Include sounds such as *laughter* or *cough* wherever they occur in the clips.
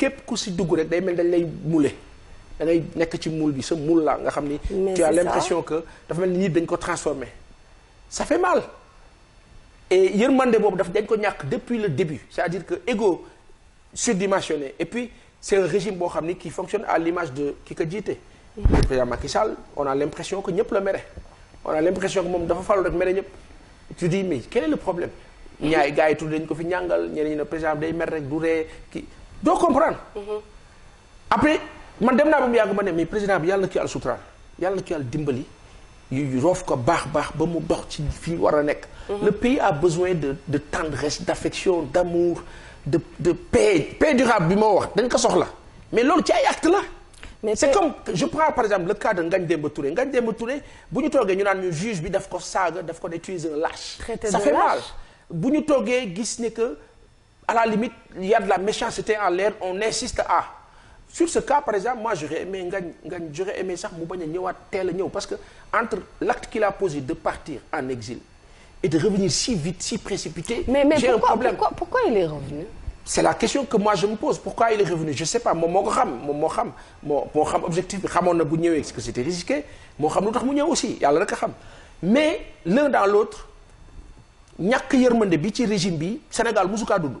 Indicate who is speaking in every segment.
Speaker 1: kep ku si dugg rek day mel dañ lay mouler da ngay nek ci moule bi sa moule nga xamni tu as l'impression que dafa mel ni dañ ko transformé ça fait mal et yërmande boobu daf dañ ko ñak depuis le début c'est-à-dire que ego surdimensionné et puis c'est un régime bo xamni qui fonctionne à l'image de ki djité jiite le président Macky Sall on a l'impression que ñep le mere on a l'impression que moom dafa fallu rek mere ñep tu dis mais quel est le problème ñay gaay yi dañ ko fi ñangal ñeneen ñi président day mer rek du ré Do comprendre. après man dem naa ba mu yàgg ne mais président bi yàlla na ko yàlla sutural yàlla na dimbali. yu rof ko bax bax ba mu dox ci fi wara nek. le pays a besoin de de tendresse d'affection d'amour de de paix paix durable bi moo wax dañ ko soxla mais lolu ci ay acte la. c'est comme je prends par exemple le cas de Ngagne Demba Touré Ngagne Demba Touré buñu togué ñu naan ñu juge bi daf ko saaga daf ko ne tu un lâche. ça fait mal Buñu togué gis ne que à la limite, il y a de la méchanceté en l'air, on insiste à. Sur ce cas, par exemple, moi, j'aurais aimé, j'aurais aimé ça, parce que entre l'acte qu'il a posé de partir en exil et de revenir si vite, si précipité, j'ai un problème. Pourquoi, pourquoi il est revenu c'est la question que moi je me pose. Pourquoi il est revenu Je ne sais pas. Mon mogram, mon risqué, mon objectif, parce que c'était risqué. Mon mogram, aussi. Mais l'un dans l'autre, il y a que le régime, Sénégal, Musuka, Doudou.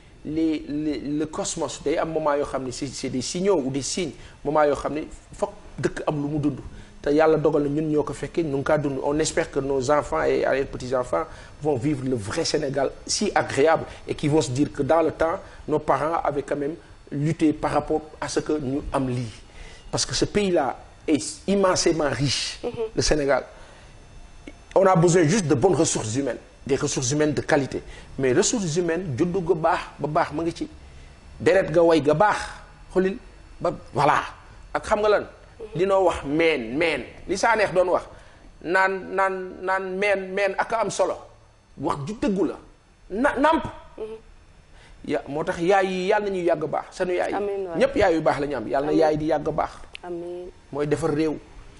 Speaker 1: le cosmos c'est des signaux ou des signes moment on espère que nos enfants et les petits enfants vont vivre le vrai Sénégal si agréable et qui vont se dire que dans le temps nos parents avaient quand même lutté par rapport à ce que nous avons parce que ce pays là est immensément riche. Mm-hmm. le Sénégal on a besoin juste de bonnes ressources humaines. des ressources humaines de qualité mais ressources humaines juddu ga baax ba baax mu ngi ci deret ga way ga baax xulil ba voilà ak xam nga lan li noo wax meen meen li saa neex doon wax naan naan naan meen meen ak am solo wax ju dëggu la na nàmp ya moo tax yaay yi yàlla na ñuy yàgg baax sa sanu yaay yi ñépp yaay yu baax la ñu am yàlla na yaay di yàgg baax amiin mooy defar réew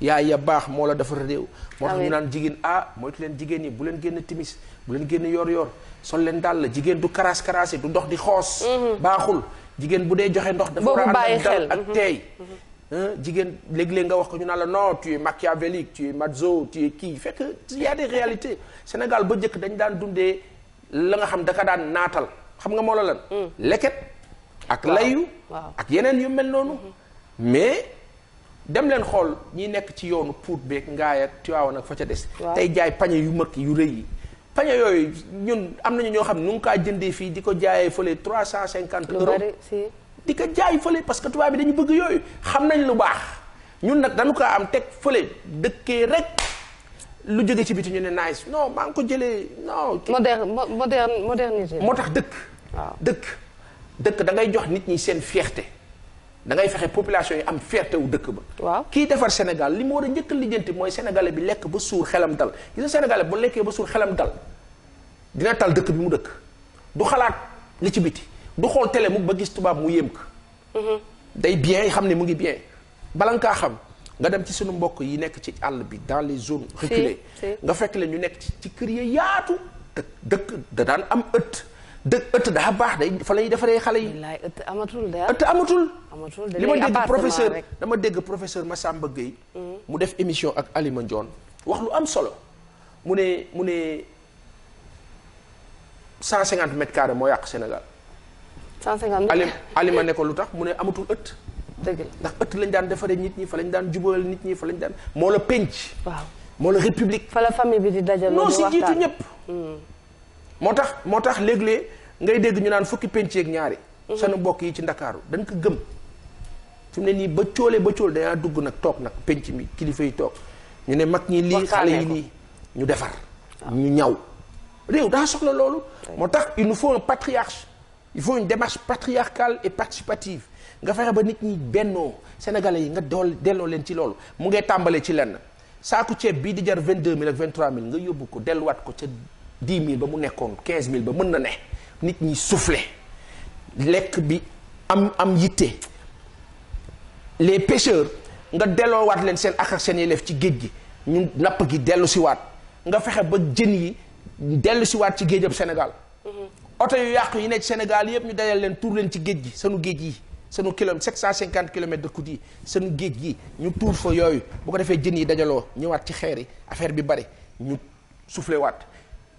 Speaker 1: yaay ya, ya bax mo la dafa rew mo tax ñu naan jigéen ah moytu leen jigen ñi bu leen genn timis bu leen genn yor yor sol leen dal jigen du karas karaasi du dox di xoss mhm. baxul Jigen bu dee joxe ndox dafa war a ànd dal ak teey mhm. mhm. eh, jigen leg leg nga wax ko ñu naan la non tu es machiavélique tu es mazo tu es que il y a des réalités Sénégal ba jëk dañ daan dundé la nga xam ka daan natal xam nga mo la lan leket ak layu ak yenen yu mel nonu mais dem leen xool ñi nekk ci yoonu puut beek ngaay ak Tiwaawan ak fa ca des. tey jaay pañe yu mag yu rëy yi. pañe yooyu ñun am nañu ñoo xam ne nu kaa jëndee fii di ko jaayee fële trois cent cinquante euros di ko jaay fële parce que tubaab bi dañu bëgg yooyu xam nañ lu baax ñun nag dañu kaa am teg fële dëkkee rek lu jóge ci biti ñu ne nice non maa nga ko jëlee non. moderne moderne modernisé. moo tax dëkk. dëkk dëkk da ngay jox nit ñi seen fierté. da ngay fexe population yi am fierté dëkk ba. waaw kii defar Sénégal li mu war a njëkk a lijjanti mooy sénégalais bi lekk ba suur xelam dal gis nga sénégalais bu lekkee ba suur xelam dal dina tal dëkk bi mu dëkk du xalaat li ci biti du xool télé mu ba gis tubaab mu yéem ko. Mhm. day bien xam ne mu ngi bien bala nga xam nga dem ci sunu mbokk yi nekk ci àll bi dans les zones reculées. nga fekk leen ñu nekk ci ci kër ya yaatu. te dëkk da daan am ëtt. dëkk ëtt daa baax day fa la ñuy defaree xale yi. ëtt amatul daal ëtt amatul.
Speaker 2: amatul li ma dégg professeur
Speaker 1: dama dégg professeur Massamba Gueye. Hmm. mu def émission ak Alima Ndione wax lu am solo mu ne mu ne 150 mètres carrés moo yàq Sénégal.
Speaker 2: 150 mètres Alima ne
Speaker 1: lu tax mu ne amatul ëtt. dëgg ndax ëtt lañ daan defaree nit ñi fa lañ daan jubal nit ñi fa lañ daan moo la penc. waaw moo la république. fa la famille bi di dajal. non si jiitu ñëpp. Hmm. moo tax moo tax léeg ngay dégg ñu naan fukki penc ak ñaari. Mhm. seen mbokk yi ci ndakaaru dañ ko gëm. su mu ne nii ba coolee ba coole danaa dugg nag toog nag penc mi kilifa yi toog ñu ne mag ñi lii xale yi ñu defar. Ah. ñu ñaw réew daa soxla loolu. moo tax il nous faut un patriarche. il faut une démarche patriarcale et participative nga fexe ba nit ñi bennoo sénégalais yi nga dool delloo leen ci loolu mu ngay tàmbalee ci lenn saaku ceeb bii di jar vingt deux mille ak vingt nga yóbbu ko ko ca. 10 000, ba mu nekkoon quinze ba mën na ne nit ñi souffler lekk bi am am les pêcheurs nga delloowaat leen seen ak seen yelleef ci géej gi ñu napp gi dellu si waat nga fexe ba jën yi dellu si ci Sénégal mhm. oto yu yàqu yi nekk Sénégal yépp ñu dajal leen tour, leen ci géej gi sunu géej de coudi nous ñu tour fa yooyu bu ko affaire bi bari ñu soufflé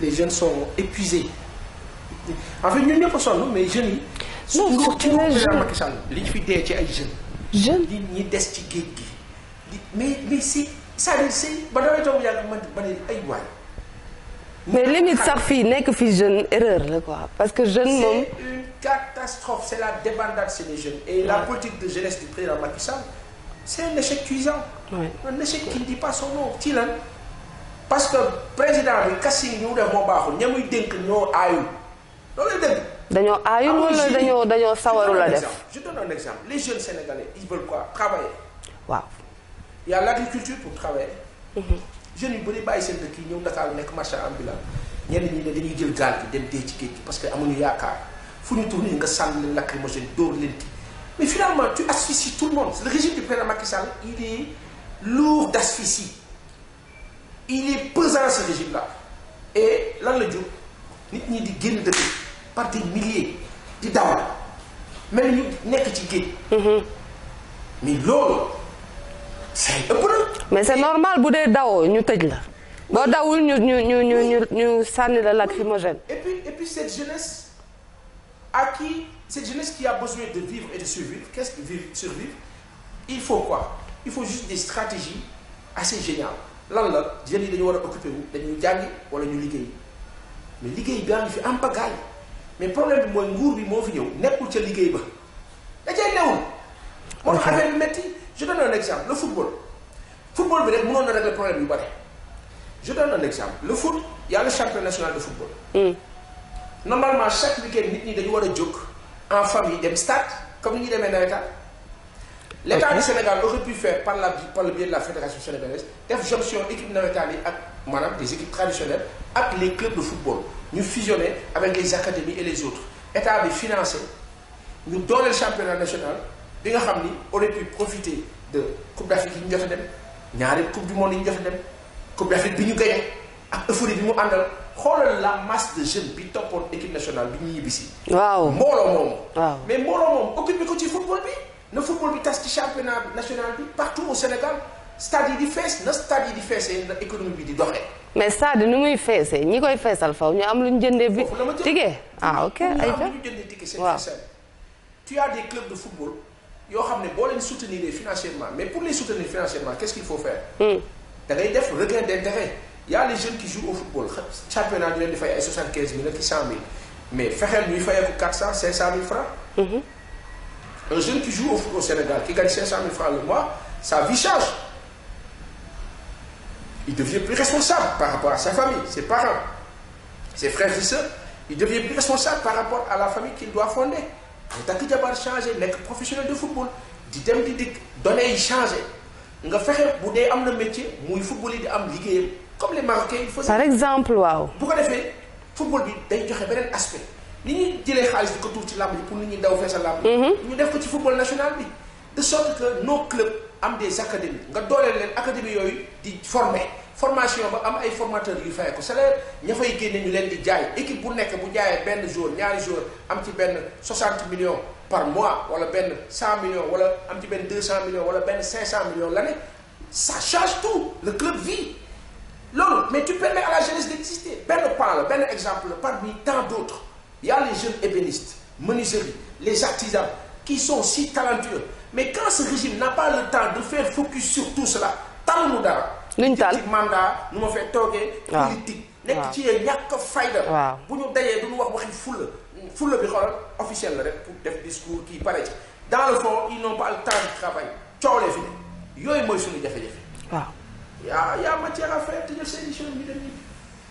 Speaker 1: les jeunes sont épuisés en fait ne sommes pas ça mais jeunes non les jeunes li fi ci jeunes. jeunes les jeunes mais mais si ça veut dire si ba le toog yàlla man ma ay mais limite ça
Speaker 2: n'est que jeune erreur quoi parce que jeune c'est
Speaker 1: une catastrophe c'est la débandade chez les jeunes. et la politique de jeunesse du président Macky Sall c'est un échec cuisant. un échec qui ne dit pas son nom Tilan parce que président bi casting bi mu def moo baaxul ña muy dénk ñoo aayul
Speaker 2: loolu la dëgg. dañoo aayul wala dañoo dañoo sawaru la def
Speaker 1: je donne un exemple les jeunes sénégalais ils veulent quoi travailler. waaw. y a l'agriculture pour travailler. Mhm. jeune yu bëri bàyyi seen de yi ñëw Dakar nek marchand ambulant ñen ñi ne dañuy jël gal gi dem dee ci géej parce que amuñu yaakaar fu ñu tourné nga sànni leen lacrymogène dóor leen mais finalement tu asphyxies tout le monde le régime du président Macky Sall il est lourd d'asphyxie il est pesant ce régime-là et là, le jour, nit ni di génn de par des milliers de dawal mais ñu nekk ci géej. Mhm. mais l'autre,
Speaker 2: c'est un mais c'est normal bu nous dawoo ñu tëj la. boo dawul nous, nous, nous, nous, nous ñu sànni la lacrymogène.
Speaker 1: et puis et puis cette jeunesse à qui cette jeunesse qui a besoin de vivre et de survivre qu'est-ce que vivre survivre il faut quoi il faut juste des stratégies assez géniales lan la ni yi dañu war a occupé wu dañuy jàngi wala ñu liggéey mais liggéey baa ngi fi am pagaille mais problème bi mooy nguur bi moo fi ñëw nekkul ca liggéey ba da cee newul. moo tax affaire je donne un exemple le football. football bi rek mënoon na régler problème yu je donne un exemple le foot il y a le championnat national de football. Mm. normalement chaque week-end nit ñi dañu war a en famille dem stade comme ni ñuy demee nawetaan. Ah. L'État du Sénégal aurait pu faire par, le biais de la Fédération sénégalaise des jonction équipe nationales avec des équipes traditionnelles avec les clubs de football Nous fusionner avec les académies et les autres État avait financé Nous ñu le championnat national Et nous avons aurait pu profiter de la Coupe d'Afrique de la Coupe du monde de la Coupe d'Afrique bi ñu Coupe ak euphorie bi mu àndal Regardez la masse de jeunes sont pour équipe nationale bi ñu ñibbisi. waaw mais bon ne occupé ko ci football le football il y championnat national partout au Sénégal stade yi di le stade l'économie du di
Speaker 2: mais stade nu Il fessé ni koy fessal faaw ñu am luñu jëndé bi ah ok ay
Speaker 1: tu as des clubs de football yo xamné bo leen soutenir financièrement mais pour les soutenir financièrement qu'est-ce qu'il faut faire Il hmm. faut ngay def d'intérêt il y a les jeunes qui jouent au football championnat il leen 75 000, ay 75000 mais fexel ñuy fay faut 400 000 francs hmm. Un jeune qui joue au football au Sénégal, qui gagne 500 000 francs le mois, sa vie change. Il devient plus responsable par rapport à sa famille, ses parents, ses frères et sœurs. Il devient plus responsable par rapport à la famille qu'il doit fonder. Il tant que d'abord changé, les professionnel de football Il dem di données changé nga métier il a di comme les Marocains. il faut par
Speaker 2: exemple pourquoi Pourquoi
Speaker 1: femmes football il aspect ni ñuy jëlee xaalis di ko tuur ci làmb ji pour nit ñi daw feesa làmb mhm. ñu def ko ci football national bi de sorte que nos clubs am des académies nga dooleel leen académie yooyu di former formation ba am ay formateurs yu fay ko salaire ña fay génne ñu leen di jaay équipe bu nekk bu jaayee benn jour ñaari jour am ci benn 60 millions par mois wala benn 100 millions wala am ci benn 200 millions wala benn 500 millions l'année ça change tout le club vit loolu mais tu permets à la jeunesse d'exister benn pan la benn exemple la parmi tant d'autres il y a les jeunes ébénistes, menuiseries, les artisans qui sont si talentueux. Mais quand ce régime n'a pas le temps de faire focus sur tout cela, tant nous a Nous mandat, nous fait toguer, politique. nekk ci yee un fayda waaw fighter. ñu nous du ñu wax waxi foule, foule bi officiel pour def discours qui paraît. dans le fond ils n'ont pas le temps de travailler. coolee fi ne yooyu je suñu jafe Il waaw a matière à faire te jël seen bi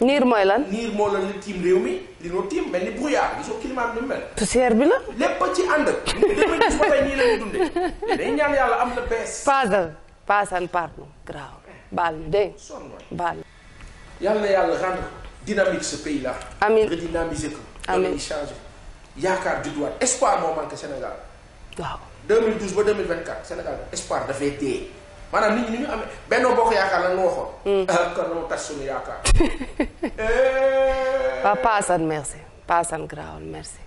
Speaker 2: niir mooy lan.
Speaker 1: niir moo lan li tiim réew mi li noo tiim mel ni brouillard gisoo climat bi ni mu mel.
Speaker 2: poussière bi la.
Speaker 1: lépp ci ànd. lépp ci côté ñii la dundee. day ñaan yàlla am la bees.
Speaker 2: paasal paasal pardon grave baal ñu de baal.
Speaker 1: yàlla na yàlla rendre dynamique ce pays là. amiin redynamiser ko. amiin changer yaakaar judduwaat espoir moo manqué Sénégal. waaw 2012 ba 2024 Sénégal espoir dafay dee. maanaam nit ni ñu amee Benno Bokk Yaakaar la nga waxoon. Hmm. Ah, kon noo tas suñu yaakaar. *laughs*
Speaker 2: Eh. waaw paasan merci paasan grawal merci.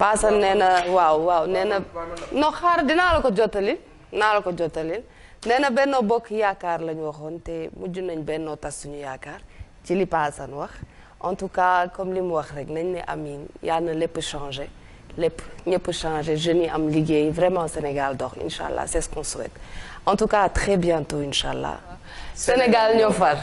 Speaker 2: paasan nee na waaw waaw nena no non xaar dinaa la ko jottali dinaa la ko jottali nee Benno Bokk yaakar la waxon waxoon te mujj nañ Benno tas suñu yaakaar ci li paasan wax en tout cas comme li mu wax rek nañ ne amine yàlla na lépp changé lépp ñëpp changer Je à am liggéey vraiment Sénégal donc, Inch'Allah, c'est ce qu'on souhaite en tout cas à très bientôt Inch'Allah. Sénégal, Sénégal ñoo